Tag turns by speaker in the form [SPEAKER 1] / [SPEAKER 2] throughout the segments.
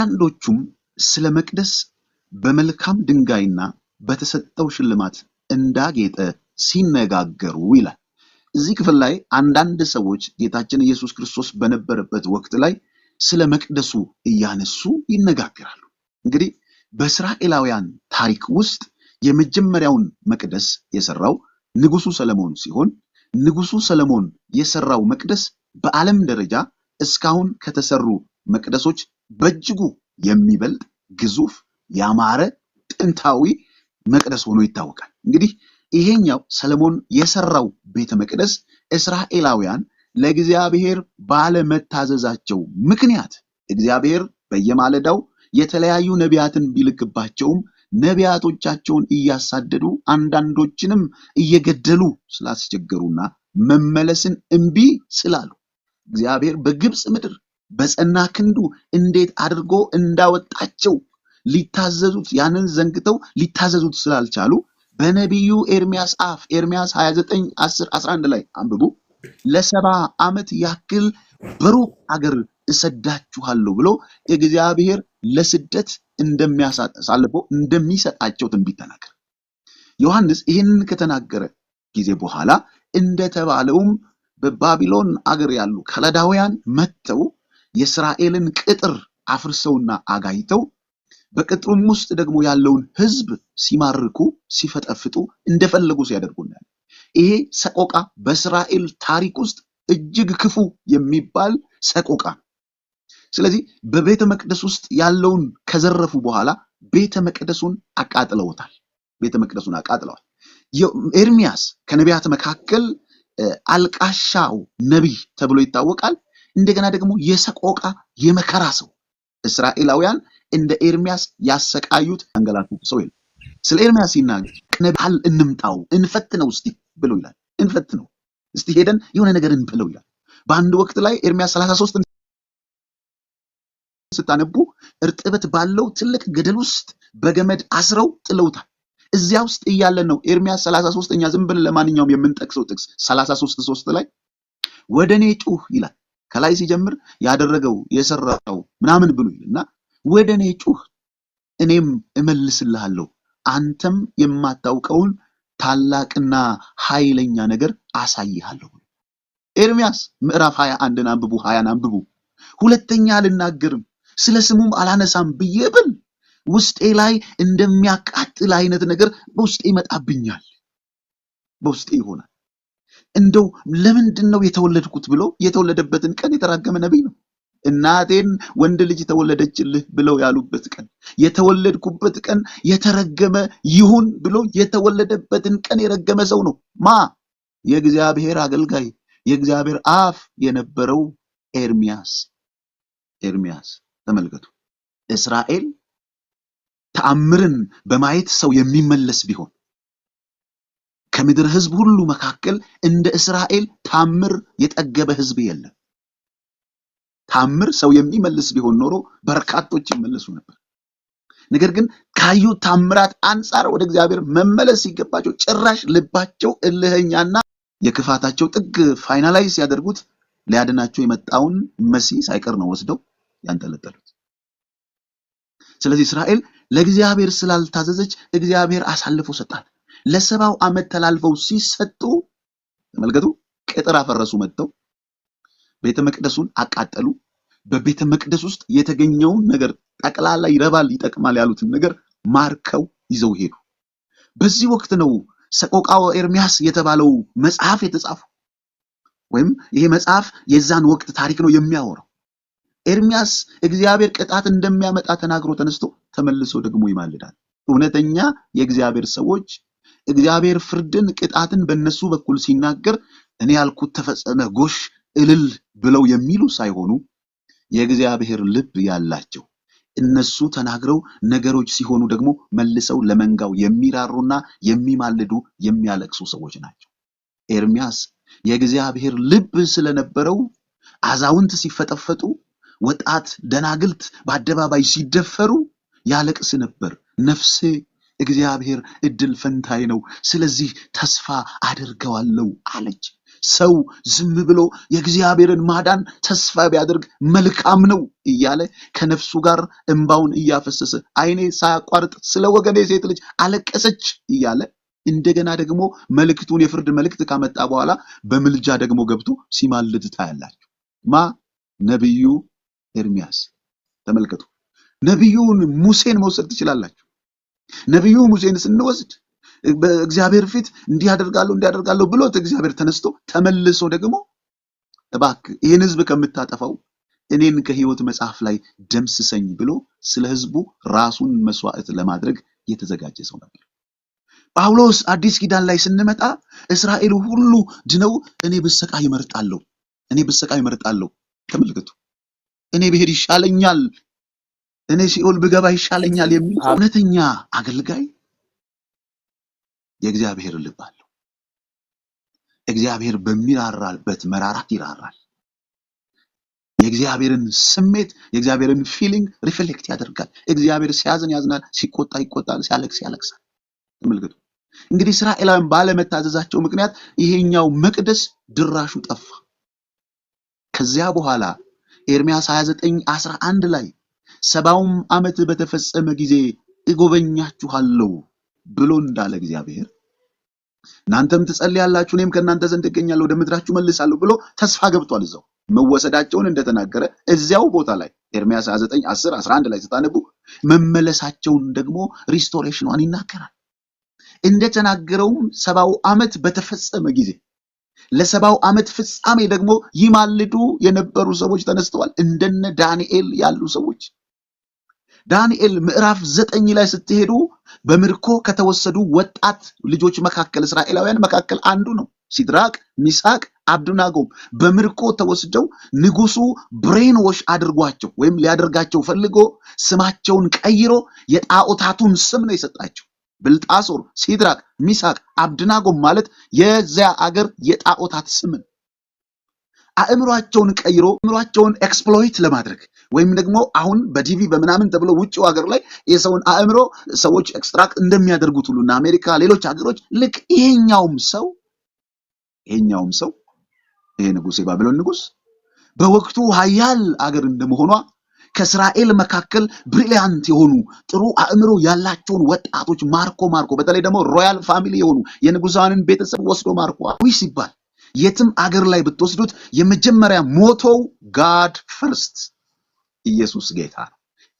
[SPEAKER 1] አንዳንዶቹም ስለ መቅደስ በመልካም ድንጋይና በተሰጠው ሽልማት እንዳጌጠ ሲነጋገሩ ይላል። እዚህ ክፍል ላይ አንዳንድ ሰዎች ጌታችን ኢየሱስ ክርስቶስ በነበረበት ወቅት ላይ ስለ መቅደሱ እያነሱ ይነጋገራሉ። እንግዲህ በእስራኤላውያን ታሪክ ውስጥ የመጀመሪያውን መቅደስ የሰራው ንጉሱ ሰለሞን ሲሆን ንጉሱ ሰለሞን የሰራው መቅደስ በዓለም ደረጃ እስካሁን ከተሰሩ መቅደሶች በእጅጉ የሚበልጥ ግዙፍ ያማረ ጥንታዊ መቅደስ ሆኖ ይታወቃል። እንግዲህ ይሄኛው ሰለሞን የሰራው ቤተ መቅደስ እስራኤላውያን ለእግዚአብሔር ባለመታዘዛቸው ምክንያት እግዚአብሔር በየማለዳው የተለያዩ ነቢያትን ቢልክባቸውም ነቢያቶቻቸውን እያሳደዱ አንዳንዶችንም እየገደሉ ስላስቸገሩና መመለስን እምቢ ስላሉ እግዚአብሔር በግብፅ ምድር በጸና ክንዱ እንዴት አድርጎ እንዳወጣቸው ሊታዘዙት ያንን ዘንግተው ሊታዘዙት ስላልቻሉ በነቢዩ ኤርሚያስ አፍ ኤርሚያስ 29 10 11 ላይ አንብቡ ለሰባ ዓመት ያክል በሩቅ አገር እሰዳችኋለሁ ብሎ እግዚአብሔር ለስደት እንደሚያሳልፎ እንደሚሰጣቸው ትንቢት ተናገር። ዮሐንስ ይህንን ከተናገረ ጊዜ በኋላ እንደተባለውም በባቢሎን አገር ያሉ ከለዳውያን መጥተው የእስራኤልን ቅጥር አፍርሰውና አጋይተው በቅጥሩም ውስጥ ደግሞ ያለውን ህዝብ ሲማርኩ ሲፈጠፍጡ እንደፈለጉ ሲያደርጉ ይሄ ሰቆቃ በእስራኤል ታሪክ ውስጥ እጅግ ክፉ የሚባል ሰቆቃ ነው። ስለዚህ በቤተ መቅደስ ውስጥ ያለውን ከዘረፉ በኋላ ቤተ መቅደሱን አቃጥለውታል። ቤተ መቅደሱን አቃጥለዋል። ኤርሚያስ ከነቢያት መካከል አልቃሻው ነቢይ ተብሎ ይታወቃል። እንደገና ደግሞ የሰቆቃ የመከራ ሰው እስራኤላውያን እንደ ኤርሚያስ ያሰቃዩት አንገላቱ ሰው ይላል። ስለ ኤርሚያስ ሲናገር ቅነሃል እንምጣው እንፈትነው እስቲ ብሎ ይላል። እንፈትነው እስቲ ሄደን የሆነ ነገር እንበለው ይላል። በአንድ ወቅት ላይ ኤርሚያስ 33 ስታነቡ እርጥበት ባለው ትልቅ ገደል ውስጥ በገመድ አስረው ጥለውታል። እዚያ ውስጥ እያለን ነው ኤርሚያስ 33 እኛ ዝም ብለን ለማንኛውም የምንጠቅሰው ጥቅስ 33 3 ላይ ወደ እኔ ጩህ ይላል ከላይ ሲጀምር ያደረገው የሰራው ምናምን ብሎ ይልና ወደ እኔ ጩህ፣ እኔም እመልስልሃለሁ፣ አንተም የማታውቀውን ታላቅና ኃይለኛ ነገር አሳይሃለሁ። ኤርሚያስ ምዕራፍ ሀያ አንድን አንብቡ፣ ሀያን አንብቡ። ሁለተኛ አልናገርም ስለ ስሙም አላነሳም ብዬ ብል ውስጤ ላይ እንደሚያቃጥል አይነት ነገር በውስጤ ይመጣብኛል፣ በውስጤ ይሆናል። እንደው ለምንድን ነው የተወለድኩት ብሎ የተወለደበትን ቀን የተራገመ ነቢይ ነው። እናቴን ወንድ ልጅ ተወለደችልህ ብለው ያሉበት ቀን፣ የተወለድኩበት ቀን የተረገመ ይሁን ብሎ የተወለደበትን ቀን የረገመ ሰው ነው። ማ የእግዚአብሔር አገልጋይ የእግዚአብሔር አፍ የነበረው ኤርሚያስ። ኤርሚያስ ተመልከቱ፣ እስራኤል ተአምርን በማየት ሰው የሚመለስ ቢሆን ከምድር ሕዝብ ሁሉ መካከል እንደ እስራኤል ታምር የጠገበ ሕዝብ የለም። ታምር ሰው የሚመልስ ቢሆን ኖሮ በርካቶች ይመለሱ ነበር። ነገር ግን ካዩት ታምራት አንጻር ወደ እግዚአብሔር መመለስ ሲገባቸው ጭራሽ ልባቸው እልህኛና የክፋታቸው ጥግ ፋይናላይዝ ሲያደርጉት ሊያድናቸው የመጣውን መሲህ ሳይቀር ነው ወስደው ያንጠለጠሉት። ስለዚህ እስራኤል ለእግዚአብሔር ስላልታዘዘች እግዚአብሔር አሳልፎ ሰጣት። ለሰባው ዓመት ተላልፈው ሲሰጡ ተመልከቱ። ቅጥር አፈረሱ፣ መጥተው ቤተ መቅደሱን አቃጠሉ። በቤተ መቅደስ ውስጥ የተገኘውን ነገር ጠቅላላ ይረባል፣ ይጠቅማል ያሉትን ነገር ማርከው ይዘው ሄዱ። በዚህ ወቅት ነው ሰቆቃወ ኤርሚያስ የተባለው መጽሐፍ የተጻፈው ወይም ይሄ መጽሐፍ የዛን ወቅት ታሪክ ነው የሚያወራው። ኤርሚያስ እግዚአብሔር ቅጣት እንደሚያመጣ ተናግሮ ተነስቶ ተመልሶ ደግሞ ይማልዳል። እውነተኛ የእግዚአብሔር ሰዎች እግዚአብሔር ፍርድን፣ ቅጣትን በእነሱ በኩል ሲናገር እኔ ያልኩት ተፈጸመ፣ ጎሽ እልል ብለው የሚሉ ሳይሆኑ የእግዚአብሔር ልብ ያላቸው እነሱ ተናግረው ነገሮች ሲሆኑ ደግሞ መልሰው ለመንጋው የሚራሩና የሚማልዱ የሚያለቅሱ ሰዎች ናቸው። ኤርሚያስ የእግዚአብሔር ልብ ስለነበረው አዛውንት ሲፈጠፈጡ፣ ወጣት ደናግልት በአደባባይ ሲደፈሩ ያለቅስ ነበር። ነፍሴ እግዚአብሔር እድል ፈንታይ ነው፣ ስለዚህ ተስፋ አድርገዋለሁ አለች። ሰው ዝም ብሎ የእግዚአብሔርን ማዳን ተስፋ ቢያደርግ መልካም ነው እያለ ከነፍሱ ጋር እምባውን እያፈሰሰ አይኔ ሳያቋርጥ ስለ ወገኔ ሴት ልጅ አለቀሰች እያለ እንደገና ደግሞ መልእክቱን የፍርድ መልእክት ካመጣ በኋላ በምልጃ ደግሞ ገብቶ ሲማልድ ታያላችሁ። ማ ነቢዩ ኤርሚያስ ተመልከቱ። ነቢዩን ሙሴን መውሰድ ትችላላችሁ። ነቢዩ ሙሴን ስንወስድ በእግዚአብሔር ፊት እንዲህ አደርጋለሁ እንዲያደርጋለሁ ብሎት እግዚአብሔር ተነስቶ ተመልሶ ደግሞ እባክህ ይህን ህዝብ ከምታጠፋው እኔን ከህይወት መጽሐፍ ላይ ደምስሰኝ ብሎ ስለ ህዝቡ ራሱን መስዋዕት ለማድረግ የተዘጋጀ ሰው ነበር። ጳውሎስ አዲስ ኪዳን ላይ ስንመጣ እስራኤል ሁሉ ድነው እኔ ብሰቃይ እመርጣለሁ፣ እኔ ብሰቃይ እመርጣለሁ። ተመልከቱ፣ እኔ ብሄድ ይሻለኛል እኔ ሲኦል ብገባ ይሻለኛል የሚል እውነተኛ አገልጋይ የእግዚአብሔር ልብ አለው። እግዚአብሔር በሚራራበት መራራት ይራራል። የእግዚአብሔርን ስሜት የእግዚአብሔርን ፊሊንግ ሪፍሌክት ያደርጋል። እግዚአብሔር ሲያዝን ያዝናል፣ ሲቆጣ ይቆጣል፣ ሲያለቅስ ያለቅሳል። ተመልከቱ እንግዲህ እስራኤላውያን ባለመታዘዛቸው ምክንያት ይሄኛው መቅደስ ድራሹ ጠፋ። ከዚያ በኋላ ኤርሚያስ 29 11 ላይ ሰባውም ዓመት በተፈጸመ ጊዜ እጎበኛችኋለሁ ብሎ እንዳለ እግዚአብሔር እናንተም ትጸልያላችሁ፣ እኔም ከእናንተ ዘንድ እገኛለሁ፣ ወደ ምድራችሁ መልሳለሁ ብሎ ተስፋ ገብቷል። እዛው መወሰዳቸውን እንደተናገረ እዚያው ቦታ ላይ ኤርሚያስ 29 10 11 ላይ ስታነቡ መመለሳቸውን ደግሞ ሪስቶሬሽኗን ይናገራል። እንደተናገረውም ሰባው ዓመት በተፈጸመ ጊዜ ለሰባው ዓመት ፍጻሜ ደግሞ ይማልዱ የነበሩ ሰዎች ተነስተዋል። እንደነ ዳንኤል ያሉ ሰዎች ዳንኤል ምዕራፍ ዘጠኝ ላይ ስትሄዱ በምርኮ ከተወሰዱ ወጣት ልጆች መካከል እስራኤላውያን መካከል አንዱ ነው። ሲድራቅ፣ ሚሳቅ፣ አብድናጎም በምርኮ ተወስደው ንጉሱ ብሬን አድርጓቸው ወይም ሊያደርጋቸው ፈልጎ ስማቸውን ቀይሮ የጣዖታቱን ስም ነው የሰጣቸው። ብልጣሶር፣ ሲድራቅ፣ ሚሳቅ፣ አብድናጎም ማለት የዚያ አገር የጣዖታት ስም ነው። አእምሯቸውን ቀይሮ አእምሯቸውን ኤክስፕሎይት ለማድረግ ወይም ደግሞ አሁን በዲቪ በምናምን ተብሎ ውጭው ሀገር ላይ የሰውን አእምሮ ሰዎች ኤክስትራክት እንደሚያደርጉት እና አሜሪካ፣ ሌሎች ሀገሮች ልክ ይሄኛውም ሰው ይሄኛውም ሰው ይሄ ንጉስ የባቢሎን ንጉስ በወቅቱ ሀያል አገር እንደመሆኗ ከእስራኤል መካከል ብሪሊያንት የሆኑ ጥሩ አእምሮ ያላቸውን ወጣቶች ማርኮ ማርኮ በተለይ ደግሞ ሮያል ፋሚሊ የሆኑ የንጉሳንን ቤተሰብ ወስዶ ማርኮ ሲባል የትም አገር ላይ ብትወስዱት የመጀመሪያ ሞቶው ጋድ ፈርስት፣ ኢየሱስ ጌታ ነው፣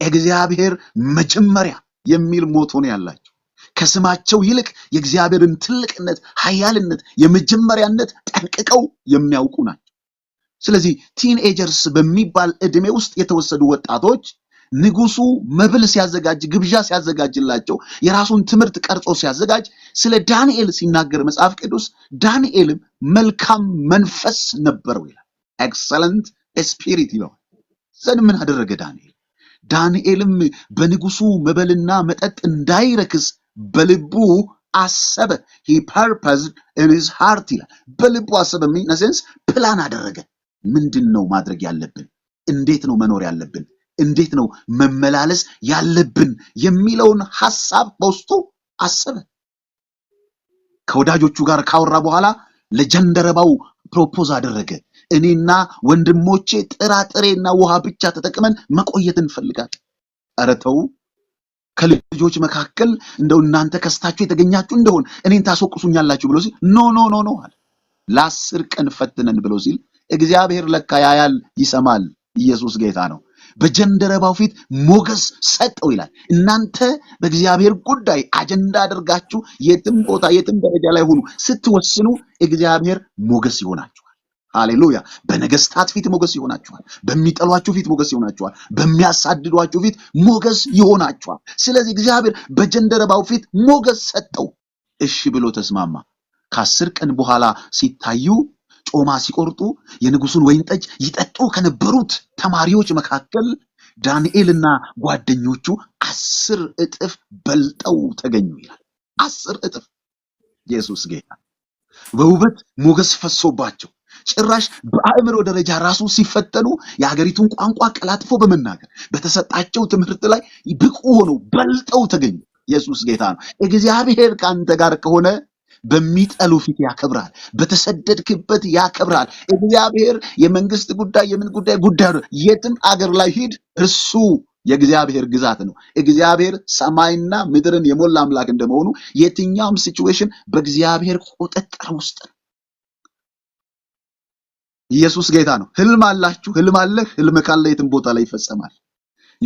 [SPEAKER 1] እግዚአብሔር መጀመሪያ የሚል ሞቶ ነው ያላቸው። ከስማቸው ይልቅ የእግዚአብሔርን ትልቅነት፣ ኃያልነት፣ የመጀመሪያነት ጠንቅቀው የሚያውቁ ናቸው። ስለዚህ ቲንኤጀርስ በሚባል ዕድሜ ውስጥ የተወሰዱ ወጣቶች ንጉሱ መብል ሲያዘጋጅ ግብዣ ሲያዘጋጅላቸው የራሱን ትምህርት ቀርጾ ሲያዘጋጅ ስለ ዳንኤል ሲናገር መጽሐፍ ቅዱስ ዳንኤልም መልካም መንፈስ ነበረው ይላል። ኤክሰለንት ስፒሪት ይለዋል። ዘን ምን አደረገ ዳንኤል? ዳንኤልም በንጉሱ መበልና መጠጥ እንዳይረክስ በልቡ አሰበ። ሂ ፐርፐዝ ኢን ሂዝ ሃርት ይላል። በልቡ አሰበ ሚነሴንስ ፕላን አደረገ። ምንድን ነው ማድረግ ያለብን? እንዴት ነው መኖር ያለብን? እንዴት ነው መመላለስ ያለብን የሚለውን ሐሳብ በውስጡ አሰበ። ከወዳጆቹ ጋር ካወራ በኋላ ለጀንደረባው ፕሮፖዝ አደረገ። እኔና ወንድሞቼ ጥራጥሬና ውሃ ብቻ ተጠቅመን መቆየት እንፈልጋለን። ኧረ ተው ከልጆች መካከል እንደው እናንተ ከስታችሁ የተገኛችሁ እንደሆን እኔን ታስወቅሱኛላችሁ ብሎ ሲል ኖ ኖ ኖ ኖ አለ። ለአስር ቀን ፈትነን ብሎ ሲል እግዚአብሔር ለካ ያያል፣ ይሰማል። ኢየሱስ ጌታ ነው። በጀንደረባው ፊት ሞገስ ሰጠው ይላል። እናንተ በእግዚአብሔር ጉዳይ አጀንዳ አድርጋችሁ የትም ቦታ የትም ደረጃ ላይ ሆኑ ስትወስኑ እግዚአብሔር ሞገስ ይሆናችኋል። ሃሌሉያ! በነገስታት ፊት ሞገስ ይሆናችኋል። በሚጠሏችሁ ፊት ሞገስ ይሆናችኋል። በሚያሳድዷችሁ ፊት ሞገስ ይሆናችኋል። ስለዚህ እግዚአብሔር በጀንደረባው ፊት ሞገስ ሰጠው። እሺ ብሎ ተስማማ። ከአስር ቀን በኋላ ሲታዩ ጮማ ሲቆርጡ የንጉሱን ወይን ጠጅ ይጠጡ ከነበሩት ተማሪዎች መካከል ዳንኤልና ጓደኞቹ አስር እጥፍ በልጠው ተገኙ ይላል። አስር እጥፍ ኢየሱስ ጌታ በውበት ሞገስ ፈሶባቸው ጭራሽ በአእምሮ ደረጃ ራሱ ሲፈተኑ የሀገሪቱን ቋንቋ ቀላጥፎ በመናገር በተሰጣቸው ትምህርት ላይ ብቁ ሆነው በልጠው ተገኙ። ኢየሱስ ጌታ ነው። እግዚአብሔር ከአንተ ጋር ከሆነ በሚጠሉ ፊት ያከብራል፣ በተሰደድክበት ያከብራል። እግዚአብሔር የመንግስት ጉዳይ የምን ጉዳይ ጉዳይ ነው። የትም አገር ላይ ሂድ፣ እርሱ የእግዚአብሔር ግዛት ነው። እግዚአብሔር ሰማይና ምድርን የሞላ አምላክ እንደመሆኑ የትኛውም ሲችዌሽን በእግዚአብሔር ቁጥጥር ውስጥ ነው። ኢየሱስ ጌታ ነው። ህልም አላችሁ፣ ህልም አለህ። ህልም ካለ የትም ቦታ ላይ ይፈጸማል።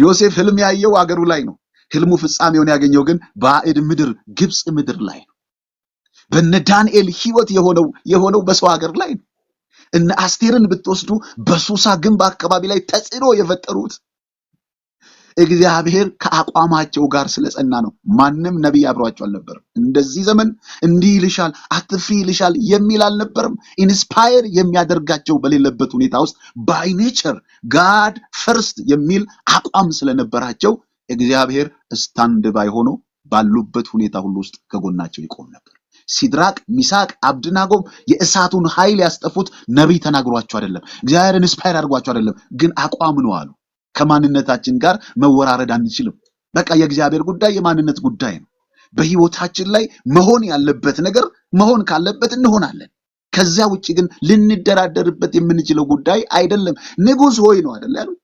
[SPEAKER 1] ዮሴፍ ህልም ያየው አገሩ ላይ ነው። ህልሙ ፍጻሜውን ያገኘው ግን ባዕድ ምድር ግብፅ ምድር ላይ ነው። በነ ዳንኤል ህይወት የሆነው የሆነው በሰው ሀገር ላይ ነው። እነ አስቴርን ብትወስዱ በሱሳ ግንብ አካባቢ ላይ ተጽዕኖ የፈጠሩት እግዚአብሔር ከአቋማቸው ጋር ስለጸና ነው። ማንም ነቢይ አብሯቸው አልነበርም። እንደዚህ ዘመን እንዲህ ይልሻል፣ አትፍሪ ይልሻል የሚል አልነበርም። ኢንስፓየር የሚያደርጋቸው በሌለበት ሁኔታ ውስጥ ባይ ኔቸር ጋድ ፈርስት የሚል አቋም ስለነበራቸው እግዚአብሔር ስታንድ ባይ ሆኖ ባሉበት ሁኔታ ሁሉ ውስጥ ከጎናቸው ይቆም ነበር። ሲድራቅ፣ ሚሳቅ፣ አብድናጎም የእሳቱን ኃይል ያስጠፉት ነቢይ ተናግሯቸው አይደለም፣ እግዚአብሔር ኢንስፓየር አድርጓቸው አይደለም። ግን አቋም ነው አሉ። ከማንነታችን ጋር መወራረድ አንችልም። በቃ የእግዚአብሔር ጉዳይ የማንነት ጉዳይ ነው። በህይወታችን ላይ መሆን ያለበት ነገር መሆን ካለበት እንሆናለን። ከዚያ ውጭ ግን ልንደራደርበት የምንችለው ጉዳይ አይደለም። ንጉሥ ሆይ ነው አይደል ያሉት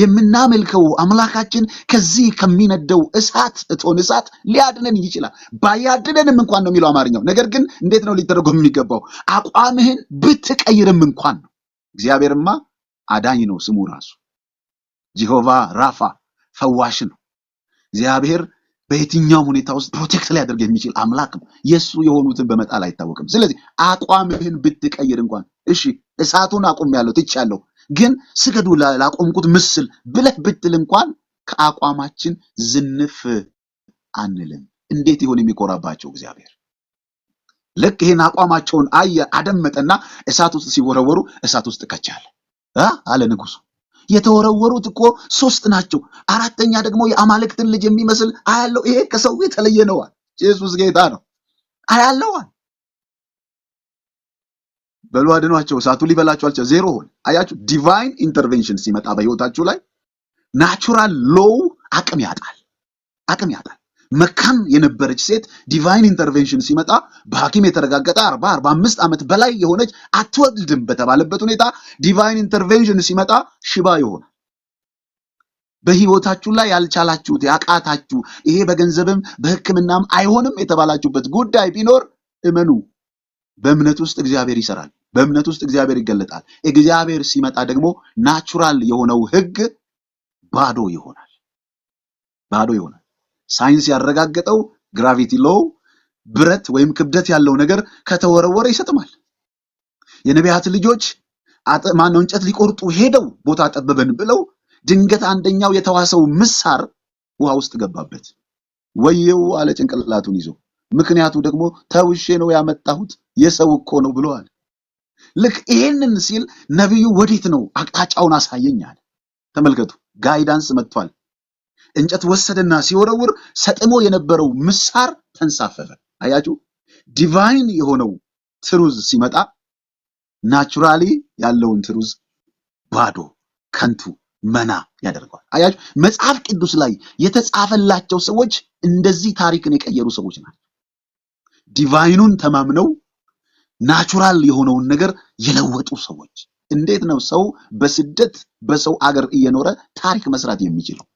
[SPEAKER 1] የምናመልከው አምላካችን ከዚህ ከሚነደው እሳት እቶን እሳት ሊያድነን ይችላል። ባያድነንም እንኳን ነው የሚለው አማርኛው። ነገር ግን እንዴት ነው ሊተረጎም የሚገባው? አቋምህን ብትቀይርም እንኳን ነው። እግዚአብሔርማ አዳኝ ነው ስሙ ራሱ። ጂሆቫ ራፋ ፈዋሽ ነው። እግዚአብሔር በየትኛውም ሁኔታ ውስጥ ፕሮቴክት ሊያደርግ የሚችል አምላክ ነው። የእሱ የሆኑትን በመጣል አይታወቅም። ስለዚህ አቋምህን ብትቀይር እንኳን እሺ፣ እሳቱን አቁም ያለው ትቻለሁ ግን ስገዱ ላቆምኩት ምስል ብለህ ብትል እንኳን ከአቋማችን ዝንፍ አንልም። እንዴት ይሆን የሚኮራባቸው እግዚአብሔር! ልክ ይህን አቋማቸውን አየ፣ አደመጠና እሳት ውስጥ ሲወረወሩ እሳት ውስጥ ከቻለ አለ ንጉሱ። የተወረወሩት እኮ ሶስት ናቸው። አራተኛ ደግሞ የአማልክትን ልጅ የሚመስል አያለው። ይሄ ከሰው የተለየ ነዋል። ኢየሱስ ጌታ ነው። አያለዋል በሉ አድኗቸው፣ እሳቱ ሊበላቸው አልቻ ዜሮ ሆነ። አያችሁ፣ ዲቫይን ኢንተርቬንሽን ሲመጣ በህይወታችሁ ላይ ናቹራል ሎው አቅም ያጣል፣ አቅም ያጣል። መካን የነበረች ሴት ዲቫይን ኢንተርቬንሽን ሲመጣ በሐኪም የተረጋገጠ አርባ አርባ አምስት ዓመት በላይ የሆነች አትወልድም በተባለበት ሁኔታ ዲቫይን ኢንተርቬንሽን ሲመጣ ሽባ ይሆናል። በህይወታችሁ ላይ ያልቻላችሁት ያቃታችሁ፣ ይሄ በገንዘብም በህክምናም አይሆንም የተባላችሁበት ጉዳይ ቢኖር እመኑ በእምነት ውስጥ እግዚአብሔር ይሰራል። በእምነት ውስጥ እግዚአብሔር ይገለጣል። እግዚአብሔር ሲመጣ ደግሞ ናቹራል የሆነው ህግ ባዶ ይሆናል። ባዶ ይሆናል። ሳይንስ ያረጋገጠው ግራቪቲ ሎው ብረት ወይም ክብደት ያለው ነገር ከተወረወረ ይሰጥማል። የነቢያት ልጆች ማነው እንጨት ሊቆርጡ ሄደው ቦታ ጠበበን ብለው ድንገት አንደኛው የተዋሰው ምሳር ውሃ ውስጥ ገባበት። ወየው አለ ጭንቅላቱን ይዞ ምክንያቱ ደግሞ ተውሼ ነው ያመጣሁት የሰው እኮ ነው ብለዋል። ልክ ይሄንን ሲል ነቢዩ ወዴት ነው አቅጣጫውን አሳየኛል። ተመልከቱ፣ ጋይዳንስ መጥቷል። እንጨት ወሰደና ሲወረውር ሰጥሞ የነበረው ምሳር ተንሳፈፈ። አያችሁ፣ ዲቫይን የሆነው ትሩዝ ሲመጣ ናቹራሊ ያለውን ትሩዝ ባዶ፣ ከንቱ፣ መና ያደርገዋል። አያችሁ፣ መጽሐፍ ቅዱስ ላይ የተጻፈላቸው ሰዎች እንደዚህ ታሪክን የቀየሩ ሰዎች ናቸው። ዲቫይኑን ተማምነው ናቹራል የሆነውን ነገር የለወጡ ሰዎች። እንዴት ነው ሰው በስደት በሰው አገር እየኖረ ታሪክ መስራት የሚችለው?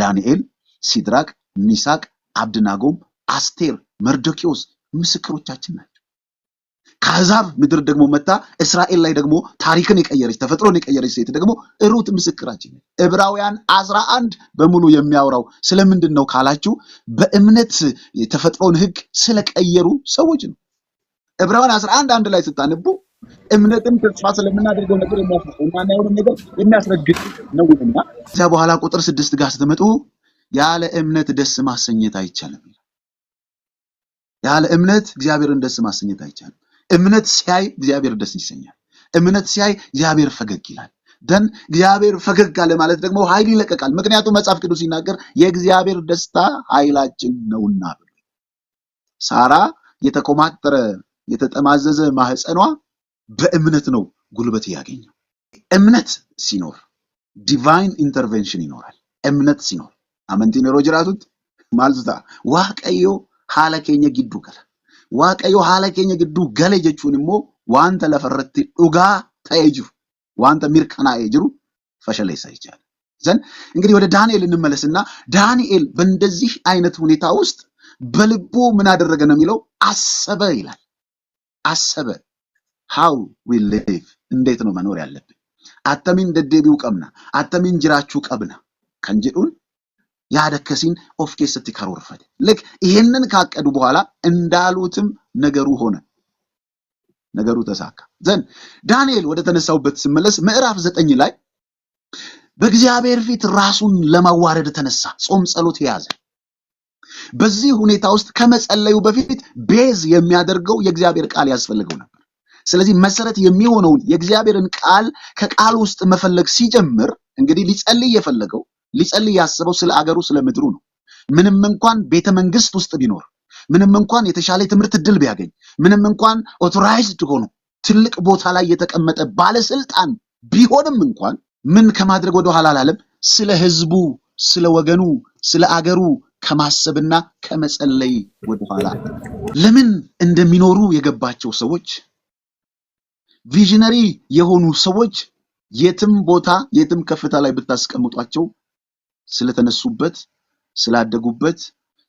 [SPEAKER 1] ዳንኤል፣ ሲድራቅ፣ ሚሳቅ፣ አብድናጎም፣ አስቴር፣ መርዶኪዎስ ምስክሮቻችን ናቸው። ከአሕዛብ ምድር ደግሞ መታ እስራኤል ላይ ደግሞ ታሪክን የቀየረች ተፈጥሮን የቀየረች ሴት ደግሞ ሩት ምስክራችን። ዕብራውያን አስራ አንድ በሙሉ የሚያወራው ስለምንድን ነው ካላችሁ በእምነት የተፈጥሮን ሕግ ስለቀየሩ ሰዎች ነው። ዕብራውያን አስራ አንድ አንድ ላይ ስታነቡ እምነትን ተስፋ ስለምናደርገው ነገር የሚያስረግጥ ነገር የሚያስረግጥ ነው። ከዚያ በኋላ ቁጥር ስድስት ጋር ስትመጡ ያለ እምነት ደስ ማሰኘት አይቻልም። ያለ እምነት እግዚአብሔርን ደስ ማሰኘት አይቻልም። እምነት ሲያይ እግዚአብሔር ደስ ይሰኛል። እምነት ሲያይ እግዚአብሔር ፈገግ ይላል። ደን እግዚአብሔር ፈገግ አለ ማለት ደግሞ ኃይል ይለቀቃል። ምክንያቱም መጽሐፍ ቅዱስ ሲናገር የእግዚአብሔር ደስታ ኃይላችን ነውና ብሎ ሳራ የተኮማጠረ የተጠማዘዘ ማህፀኗ በእምነት ነው ጉልበት ያገኘው። እምነት ሲኖር ዲቫይን ኢንተርቬንሽን ይኖራል። እምነት ሲኖር አመንቲን ጅራቱት ማልዝታ ዋቀዮ ሀለኬኘ ጊዱ ከላ waaqayyo haala keenya gidduu gale jechuun immoo wanta lafarratti dhugaa ta'ee jiru wanta mirkanaa'ee jiru ፈሸለሳ ይቻላል ዘንድ እንግዲህ ወደ ዳንኤል እንመለስና ዳንኤል በእንደዚህ አይነት ሁኔታ ውስጥ በልቡ ምን አደረገ ነው የሚለው አሰበ ይላል አሰበ ሃው ዊ ሊቭ እንዴት ነው መኖር ያለብን አተሚን ደዴቢው ቀብና አተሚን ጅራችሁ ቀብና ከንጅዱን ያደከሲን ኦፍ ኬሰቲ ልክ ይሄንን ካቀዱ በኋላ እንዳሉትም ነገሩ ሆነ፣ ነገሩ ተሳካ ዘን ዳንኤል ወደ ተነሳውበት ስመለስ ምዕራፍ ዘጠኝ ላይ በእግዚአብሔር ፊት ራሱን ለማዋረድ ተነሳ፣ ጾም ጸሎት የያዘ በዚህ ሁኔታ ውስጥ ከመጸለዩ በፊት ቤዝ የሚያደርገው የእግዚአብሔር ቃል ያስፈልገው ነበር። ስለዚህ መሰረት የሚሆነውን የእግዚአብሔርን ቃል ከቃል ውስጥ መፈለግ ሲጀምር እንግዲህ ሊጸልይ የፈለገው ሊጸልይ ያስበው ስለ አገሩ ስለ ምድሩ ነው። ምንም እንኳን ቤተ መንግስት ውስጥ ቢኖር፣ ምንም እንኳን የተሻለ የትምህርት እድል ቢያገኝ፣ ምንም እንኳን ኦቶራይዝድ ሆኖ ትልቅ ቦታ ላይ የተቀመጠ ባለስልጣን ቢሆንም እንኳን ምን ከማድረግ ወደ ኋላ አላለም። ስለ ህዝቡ፣ ስለ ወገኑ፣ ስለ አገሩ ከማሰብና ከመጸለይ ወደኋላ ለምን እንደሚኖሩ የገባቸው ሰዎች ቪዥነሪ የሆኑ ሰዎች የትም ቦታ የትም ከፍታ ላይ ብታስቀምጧቸው ስለተነሱበት፣ ስላደጉበት፣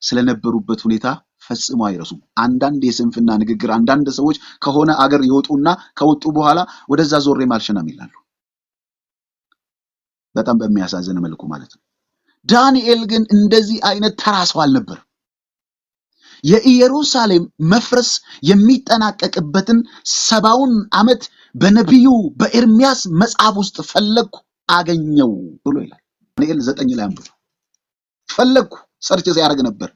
[SPEAKER 1] ስለነበሩበት ሁኔታ ፈጽሞ አይረሱም። አንዳንድ የስንፍና ንግግር አንዳንድ ሰዎች ከሆነ አገር ይወጡና ከወጡ በኋላ ወደዛ ዞሬ ማልሸናም ይላሉ። በጣም በሚያሳዝን መልኩ ማለት ነው። ዳንኤል ግን እንደዚህ አይነት ተራ ሰው አልነበርም። የኢየሩሳሌም መፍረስ የሚጠናቀቅበትን ሰባውን ዓመት በነቢዩ በኤርሚያስ መጽሐፍ ውስጥ ፈለግኩ አገኘው ብሎ ይላል። ዳንኤል ዘጠኝ ላይ አንብብ። ፈለግኩ ሰርች ሲያደርግ ነበር።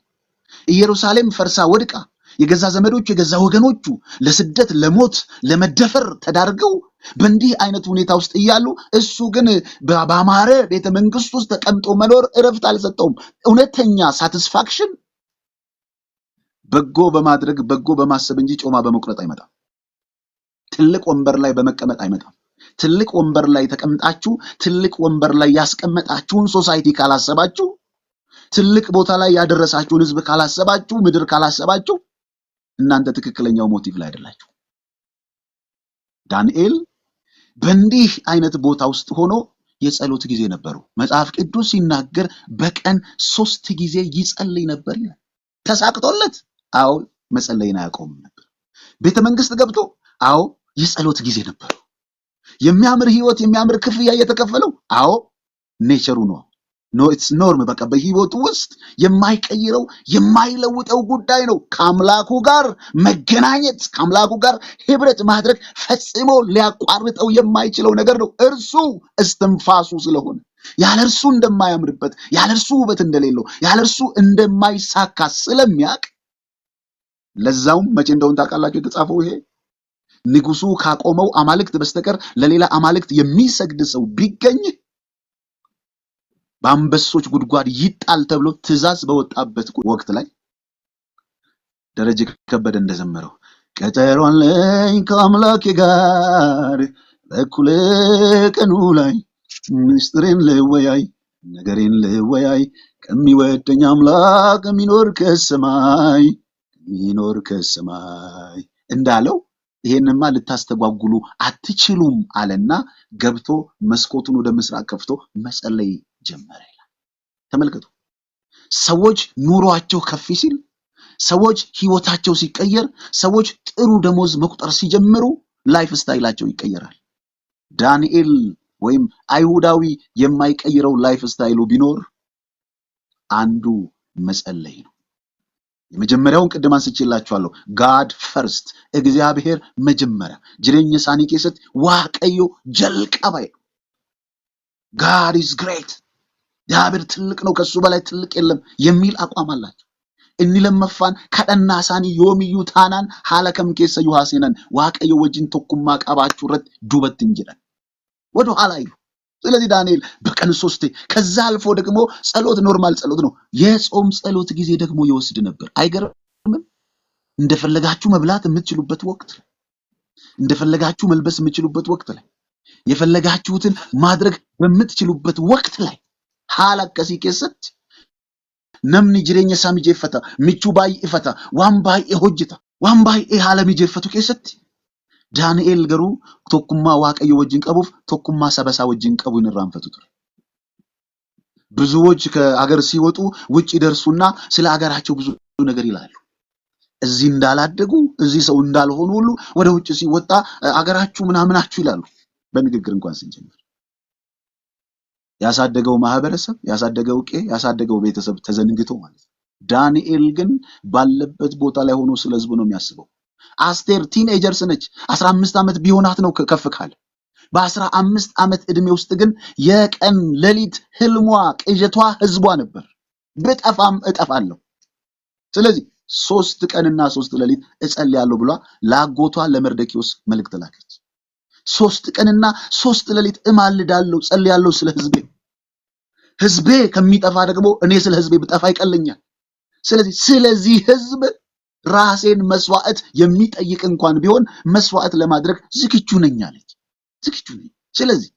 [SPEAKER 1] ኢየሩሳሌም ፈርሳ ወድቃ የገዛ ዘመዶቹ የገዛ ወገኖቹ ለስደት ለሞት ለመደፈር ተዳርገው በእንዲህ አይነት ሁኔታ ውስጥ እያሉ እሱ ግን በአማረ ቤተ መንግስት ውስጥ ተቀምጦ መኖር እረፍት አልሰጠውም። እውነተኛ ሳቲስፋክሽን በጎ በማድረግ በጎ በማሰብ እንጂ ጮማ በመቁረጥ አይመጣም። ትልቅ ወንበር ላይ በመቀመጥ አይመጣም። ትልቅ ወንበር ላይ ተቀምጣችሁ ትልቅ ወንበር ላይ ያስቀመጣችሁን ሶሳይቲ ካላሰባችሁ፣ ትልቅ ቦታ ላይ ያደረሳችሁን ህዝብ ካላሰባችሁ፣ ምድር ካላሰባችሁ እናንተ ትክክለኛው ሞቲቭ ላይ አይደላችሁ። ዳንኤል በእንዲህ አይነት ቦታ ውስጥ ሆኖ የጸሎት ጊዜ ነበሩ። መጽሐፍ ቅዱስ ሲናገር በቀን ሶስት ጊዜ ይጸልይ ነበር ይላል። ተሳቅቶለት? አዎ መጸለይን አያቆምም ነበር። ቤተ መንግስት ገብቶ? አዎ የጸሎት ጊዜ ነበሩ። የሚያምር ህይወት የሚያምር ክፍያ እየተከፈለው አዎ ኔቸሩ ነው ኢትስ ኖርም በቃ በህይወቱ ውስጥ የማይቀይረው የማይለውጠው ጉዳይ ነው። ከአምላኩ ጋር መገናኘት ከአምላኩ ጋር ህብረት ማድረግ ፈጽሞ ሊያቋርጠው የማይችለው ነገር ነው። እርሱ እስትንፋሱ ስለሆነ ያለ እርሱ እንደማያምርበት፣ ያለ እርሱ ውበት እንደሌለው፣ ያለ እርሱ እንደማይሳካ ስለሚያውቅ ለዛውም መቼ እንደሆን ታውቃላችሁ የተጻፈው ይሄ ንጉሱ ካቆመው አማልክት በስተቀር ለሌላ አማልክት የሚሰግድ ሰው ቢገኝ በአንበሶች ጉድጓድ ይጣል ተብሎ ትዕዛዝ በወጣበት ወቅት ላይ ደረጀ ከበደ እንደዘመረው ቀጠሮ አለኝ ከአምላኬ ጋር በኩል ቀኑ ላይ ምስጢሬን ልወያይ ነገሬን ልወያይ ከሚወደኝ አምላክ የሚኖር ከሰማይ የሚኖር ከሰማይ እንዳለው ይሄንማ ልታስተጓጉሉ አትችሉም አለና ገብቶ መስኮቱን ወደ ምስራቅ ከፍቶ መጸለይ ጀመረ ይላል። ተመልከቱ። ሰዎች ኑሯቸው ከፍ ሲል፣ ሰዎች ህይወታቸው ሲቀየር፣ ሰዎች ጥሩ ደሞዝ መቁጠር ሲጀምሩ ላይፍ ስታይላቸው ይቀየራል። ዳንኤል ወይም አይሁዳዊ የማይቀይረው ላይፍ ስታይሉ ቢኖር አንዱ መጸለይ ነው። የመጀመሪያውን ቅድም አንስቼላችኋለሁ። ጋድ ፈርስት እግዚአብሔር መጀመሪያ። ጅሬኝ ሳኒቄ ስት ዋቀዮ ጀልቀባይ ጋድ ኢዝ ግሬት እግዚአብሔር ትልቅ ነው፣ ከሱ በላይ ትልቅ የለም የሚል አቋም አላቸው። እኒ ለመፋን ከደና ሳኒ ዮሚዩ ታናን ሀለከም ኬሰ ዩሃሴነን ዋቀዮ ወጅን ተኩማ ቀባችሁ ረት ዱበት እንጅለን ወደ ኋላ ይሁ ስለዚህ ዳንኤል በቀን ሶስቴ ከዛ አልፎ ደግሞ ጸሎት ኖርማል ጸሎት ነው። የጾም ጸሎት ጊዜ ደግሞ ይወስድ ነበር። አይገርምም? እንደፈለጋችሁ መብላት የምትችሉበት ወቅት ላይ፣ እንደፈለጋችሁ መልበስ የምትችሉበት ወቅት ላይ፣ የፈለጋችሁትን ማድረግ በምትችሉበት ወቅት ላይ ሀላቀሲ ቄሰት ነምን ጅሬኝ ሳሚጄ ፈታ ምቹ ባይ ፈታ ዋን ባይ ሆጅታ ዋን ባይ ፈቱ ቄሰት ዳንኤል garuu tokkummaa Waaqayyo wajjin qabuuf tokkummaa saba wajjin qabu hin irraanfatu ture። ብዙዎች ከአገር ሲወጡ ውጭ ይደርሱና ስለ አገራቸው ብዙ ነገር ይላሉ። እዚህ እንዳላደጉ እዚህ ሰው እንዳልሆኑ ሁሉ ወደ ውጭ ሲወጣ አገራችሁ ምናምናችሁ ይላሉ። በንግግር እንኳን ስንጀምር ያሳደገው ማህበረሰብ፣ ያሳደገው ቄ፣ ያሳደገው ቤተሰብ ተዘንግቶ ማለት ነው። ዳንኤል ግን ባለበት ቦታ ላይ ሆኖ ስለ ህዝቡ ነው የሚያስበው። አስቴር ቲኔጀርስ ነች። አስራ ዓመት ቢሆናት ነው ከፍ ካለ። በአስራ አምስት ዓመት ዕድሜ ውስጥ ግን የቀን ሌሊት ህልሟ ቅዠቷ ህዝቧ ነበር። ብጠፋም እጠፋለሁ። ስለዚህ ሶስት ቀንና ሶስት ሌሊት እጸልያለሁ ብሏ ላጎቷ ለመርደኪዎስ መልእክት ላከች። ሶስት ቀንና ሶስት ሌሊት እማልዳለሁ፣ ጸልያለሁ ስለ ህዝቤ ህዝቤ ከሚጠፋ ደግሞ እኔ ስለ ህዝቤ ብጠፋ ይቀለኛል። ስለዚህ ስለዚህ ህዝብ ራሴን መስዋዕት የሚጠይቅ እንኳን ቢሆን መስዋዕት ለማድረግ ዝግጁ ነኝ አለች። ዝግጁ ነኝ። ስለዚህ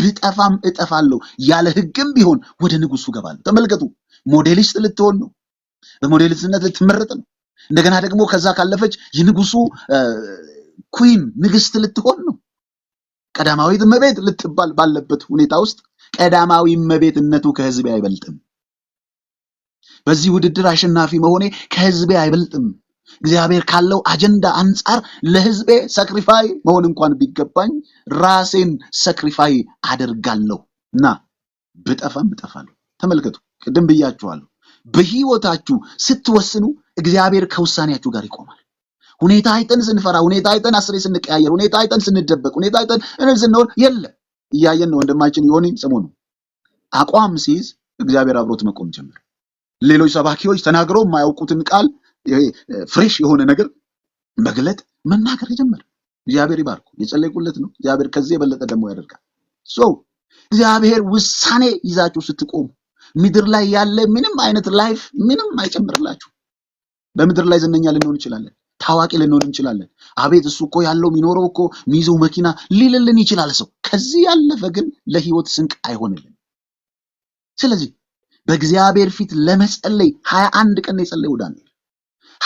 [SPEAKER 1] ብጠፋም እጠፋለሁ፣ ያለ ህግም ቢሆን ወደ ንጉሱ ገባለሁ። ተመልከቱ፣ ሞዴሊስት ልትሆን ነው። በሞዴሊስትነት ልትመረጥ ነው። እንደገና ደግሞ ከዛ ካለፈች የንጉሱ ኩዊን ንግስት ልትሆን ነው። ቀዳማዊት እመቤት ልትባል ባለበት ሁኔታ ውስጥ ቀዳማዊ እመቤትነቱ ከህዝብ አይበልጥም። በዚህ ውድድር አሸናፊ መሆኔ ከህዝቤ አይበልጥም። እግዚአብሔር ካለው አጀንዳ አንጻር ለህዝቤ ሰክሪፋይ መሆን እንኳን ቢገባኝ ራሴን ሰክሪፋይ አደርጋለሁ እና ብጠፋም ብጠፋለሁ ተመልከቱ፣ ቅድም ብያችኋለሁ። በህይወታችሁ ስትወስኑ እግዚአብሔር ከውሳኔያችሁ ጋር ይቆማል። ሁኔታ አይተን ስንፈራ፣ ሁኔታ አይተን አስሬ ስንቀያየር፣ ሁኔታ አይተን ስንደበቅ፣ ሁኔታ አይተን እንል ስንሆን የለም እያየን ነው። ወንድማችን የሆን ሰሞኑ አቋም ሲይዝ እግዚአብሔር አብሮት መቆም ጀምር ሌሎች ሰባኪዎች ተናግረው የማያውቁትን ቃል ፍሬሽ የሆነ ነገር መግለጥ መናገር የጀመረ እግዚአብሔር ይባርኩ። የጸለይኩለት ነው። እግዚአብሔር ከዚህ የበለጠ ደግሞ ያደርጋል። ሰው እግዚአብሔር ውሳኔ ይዛችሁ ስትቆሙ ምድር ላይ ያለ ምንም አይነት ላይፍ ምንም አይጨምርላችሁ። በምድር ላይ ዝነኛ ልንሆን እንችላለን። ታዋቂ ልንሆን እንችላለን። አቤት እሱ እኮ ያለው የሚኖረው እኮ የሚይዘው መኪና ሊልልን ይችላል ሰው። ከዚህ ያለፈ ግን ለህይወት ስንቅ አይሆንልን። ስለዚህ በእግዚአብሔር ፊት ለመጸለይ ሀያ አንድ ቀን የጸለየው ዳንኤል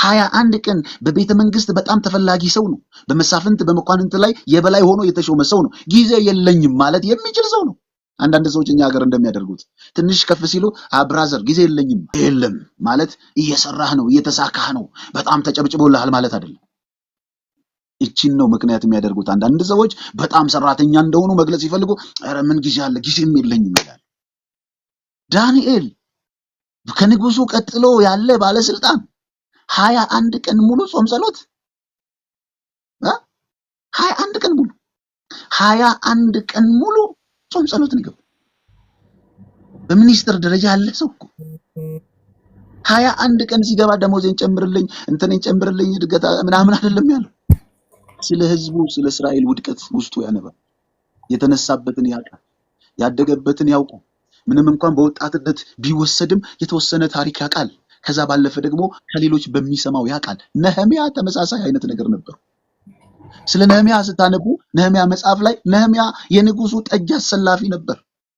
[SPEAKER 1] ሀያ አንድ ቀን በቤተ መንግስት በጣም ተፈላጊ ሰው ነው። በመሳፍንት በመኳንንት ላይ የበላይ ሆኖ የተሾመ ሰው ነው። ጊዜ የለኝም ማለት የሚችል ሰው ነው። አንዳንድ ሰዎች እኛ ሀገር እንደሚያደርጉት ትንሽ ከፍ ሲሉ አብራዘር ጊዜ የለኝም የለም ማለት እየሰራህ ነው እየተሳካህ ነው በጣም ተጨብጭቦልሃል ማለት አይደለም። እቺን ነው ምክንያት የሚያደርጉት አንዳንድ ሰዎች በጣም ሰራተኛ እንደሆኑ መግለጽ ሲፈልጉ ኧረ ምን ጊዜ አለ ጊዜም የለኝም ይላል። ዳንኤል ከንጉሱ ቀጥሎ ያለ ባለስልጣን ሀያ አንድ ቀን ሙሉ ጾም ጸሎት ሀያ አንድ ቀን ሙሉ ሀያ አንድ ቀን ሙሉ ጾም ጸሎት ነው በሚኒስትር ደረጃ ያለ ሰው እኮ ሀያ አንድ ቀን ሲገባ ደሞዜን ጨምርልኝ፣ እንትንን ጨምርልኝ፣ እድገት ምናምን አይደለም ያለው። ስለ ህዝቡ ስለ እስራኤል ውድቀት ውስጡ ያነባል። የተነሳበትን ያውቃል፣ ያደገበትን ያውቃል። ምንም እንኳን በወጣትነት ቢወሰድም የተወሰነ ታሪክ ያውቃል። ከዛ ባለፈ ደግሞ ከሌሎች በሚሰማው ያውቃል። ነህሚያ ተመሳሳይ አይነት ነገር ነበሩ። ስለ ነህሚያ ስታነቡ ነህሚያ መጽሐፍ ላይ ነህሚያ የንጉሱ ጠጅ አሰላፊ ነበር።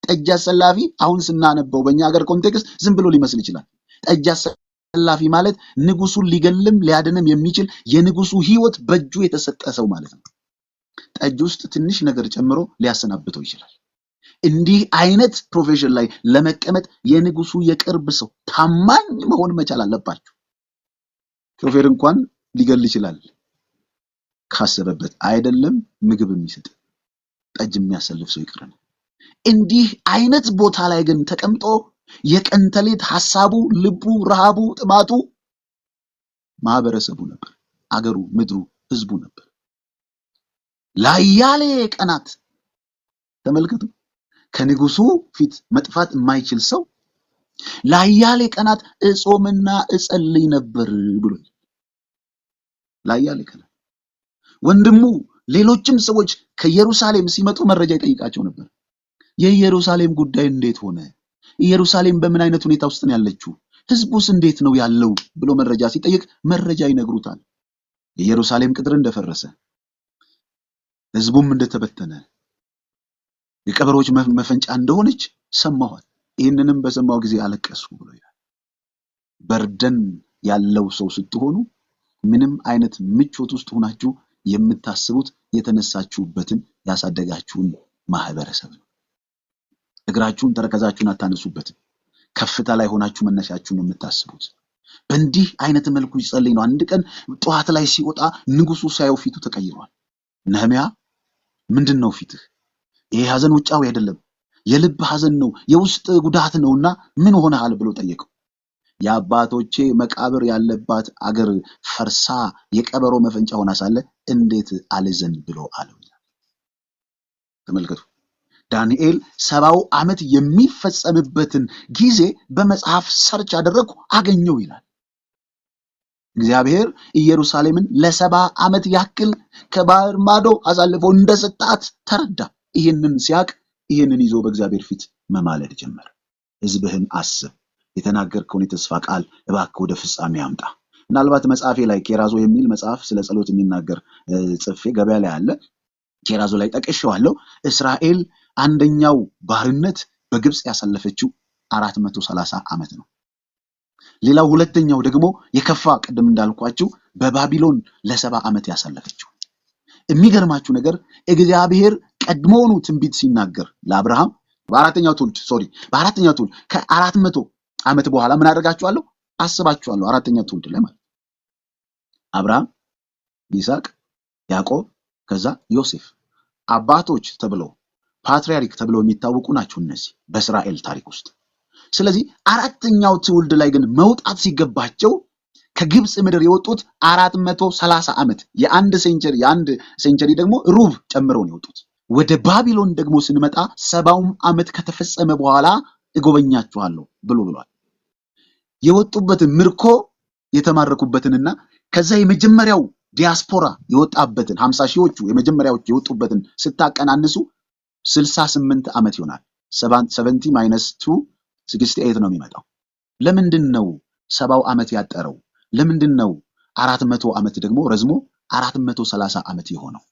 [SPEAKER 1] ጠጅ አሰላፊ አሁን ስናነበው በእኛ ሀገር ኮንቴክስት ዝም ብሎ ሊመስል ይችላል። ጠጅ አሰላፊ ማለት ንጉሱን ሊገልም ሊያድንም የሚችል የንጉሱ ሕይወት በእጁ የተሰጠ ሰው ማለት ነው። ጠጅ ውስጥ ትንሽ ነገር ጨምሮ ሊያሰናብተው ይችላል። እንዲህ አይነት ፕሮፌሽን ላይ ለመቀመጥ የንጉሱ የቅርብ ሰው ታማኝ መሆን መቻል አለባችሁ። ሾፌር እንኳን ሊገል ይችላል፣ ካሰበበት አይደለም። ምግብ የሚሰጥ ጠጅ የሚያሰልፍ ሰው ይቅር ነው። እንዲህ አይነት ቦታ ላይ ግን ተቀምጦ የቀንተሌት ሐሳቡ፣ ልቡ፣ ረሃቡ፣ ጥማቱ ማህበረሰቡ ነበር፣ አገሩ፣ ምድሩ፣ ህዝቡ ነበር። ላያሌ ቀናት ተመልከቱ። ከንጉሱ ፊት መጥፋት የማይችል ሰው ለአያሌ ቀናት እጾምና እጸልይ ነበር ብሎ ለአያሌ ቀናት ወንድሙ ሌሎችም ሰዎች ከኢየሩሳሌም ሲመጡ መረጃ ይጠይቃቸው ነበር። የኢየሩሳሌም ጉዳይ እንዴት ሆነ? ኢየሩሳሌም በምን አይነት ሁኔታ ውስጥ ነው ያለችው? ህዝቡስ እንዴት ነው ያለው ብሎ መረጃ ሲጠይቅ መረጃ ይነግሩታል። የኢየሩሳሌም ቅጥር እንደፈረሰ፣ ህዝቡም እንደተበተነ የቀበሮች መፈንጫ እንደሆነች ሰማኋል። ይህንንም በሰማሁ ጊዜ አለቀስኩ ብሎ ይላል። በርደን ያለው ሰው ስትሆኑ ምንም አይነት ምቾት ውስጥ ሆናችሁ የምታስቡት የተነሳችሁበትን ያሳደጋችሁን ማህበረሰብ ነው። እግራችሁን ተረከዛችሁን አታነሱበትም። ከፍታ ላይ ሆናችሁ መነሻችሁን የምታስቡት በእንዲህ አይነት መልኩ ይጸልይ ነው። አንድ ቀን ጠዋት ላይ ሲወጣ ንጉሱ ሳየው ፊቱ ተቀይሯል። ነህሚያ ምንድን ነው ፊትህ ይሄ ሐዘን ውጫዊ አይደለም፣ የልብ ሐዘን ነው፣ የውስጥ ጉዳት ነውና ምን ሆነሃል ብሎ ጠየቀው። የአባቶቼ መቃብር ያለባት አገር ፈርሳ የቀበሮ መፈንጫ ሆና ሳለ እንዴት አልዘን ብሎ አለው። ተመልከቱ ዳንኤል ሰባው ዓመት የሚፈጸምበትን ጊዜ በመጽሐፍ ሰርች አደረግኩ አገኘው ይላል። እግዚአብሔር ኢየሩሳሌምን ለሰባ ዓመት ያክል ከባህር ማዶ አሳልፎ እንደሰጣት ተረዳ። ይህንን ሲያቅ ይህንን ይዞ በእግዚአብሔር ፊት መማለድ ጀመር። ህዝብህን አስብ፣ የተናገርከውን የተስፋ ቃል እባክህ ወደ ፍጻሜ አምጣ። ምናልባት መጽሐፌ ላይ ኬራዞ የሚል መጽሐፍ ስለ ጸሎት የሚናገር ጽፌ ገበያ ላይ አለ። ኬራዞ ላይ ጠቅሼዋለሁ። እስራኤል አንደኛው ባርነት በግብፅ ያሳለፈችው አራት መቶ ሰላሳ ዓመት ነው። ሌላው ሁለተኛው ደግሞ የከፋ ቅድም እንዳልኳችሁ በባቢሎን ለሰባ ዓመት ያሳለፈችው። የሚገርማችሁ ነገር እግዚአብሔር ቀድሞውኑ ትንቢት ሲናገር ለአብርሃም በአራተኛው ትውልድ ሶሪ በአራተኛው ትውልድ ከአራት መቶ ዓመት በኋላ ምን አደርጋችኋለሁ አስባችኋለሁ። አራተኛው ትውልድ ላይ ማለት አብርሃም፣ ይስሐቅ፣ ያዕቆብ ከዛ ዮሴፍ አባቶች ተብለው ፓትሪያርክ ተብለው የሚታወቁ ናቸው እነዚህ በእስራኤል ታሪክ ውስጥ። ስለዚህ አራተኛው ትውልድ ላይ ግን መውጣት ሲገባቸው ከግብፅ ምድር የወጡት አራት መቶ ሰላሳ ዓመት የአንድ ሴንቸሪ የአንድ ሴንቸሪ ደግሞ ሩብ ጨምረው ነው የወጡት። ወደ ባቢሎን ደግሞ ስንመጣ ሰባውም ዓመት ከተፈጸመ በኋላ እጎበኛችኋለሁ ብሎ ብሏል። የወጡበትን ምርኮ የተማረኩበትንና ከዛ የመጀመሪያው ዲያስፖራ የወጣበትን ሀምሳ ሺዎቹ የመጀመሪያዎቹ የወጡበትን ስታቀናንሱ ስልሳ ስምንት ዓመት ይሆናል። ሰቨንቲ ማይነስ ቱ ስክስቲ ኤት ነው የሚመጣው። ለምንድን ነው ሰባው ዓመት ያጠረው? ለምንድን ነው አራት መቶ ዓመት ደግሞ ረዝሞ አራት መቶ ሰላሳ ዓመት የሆነው?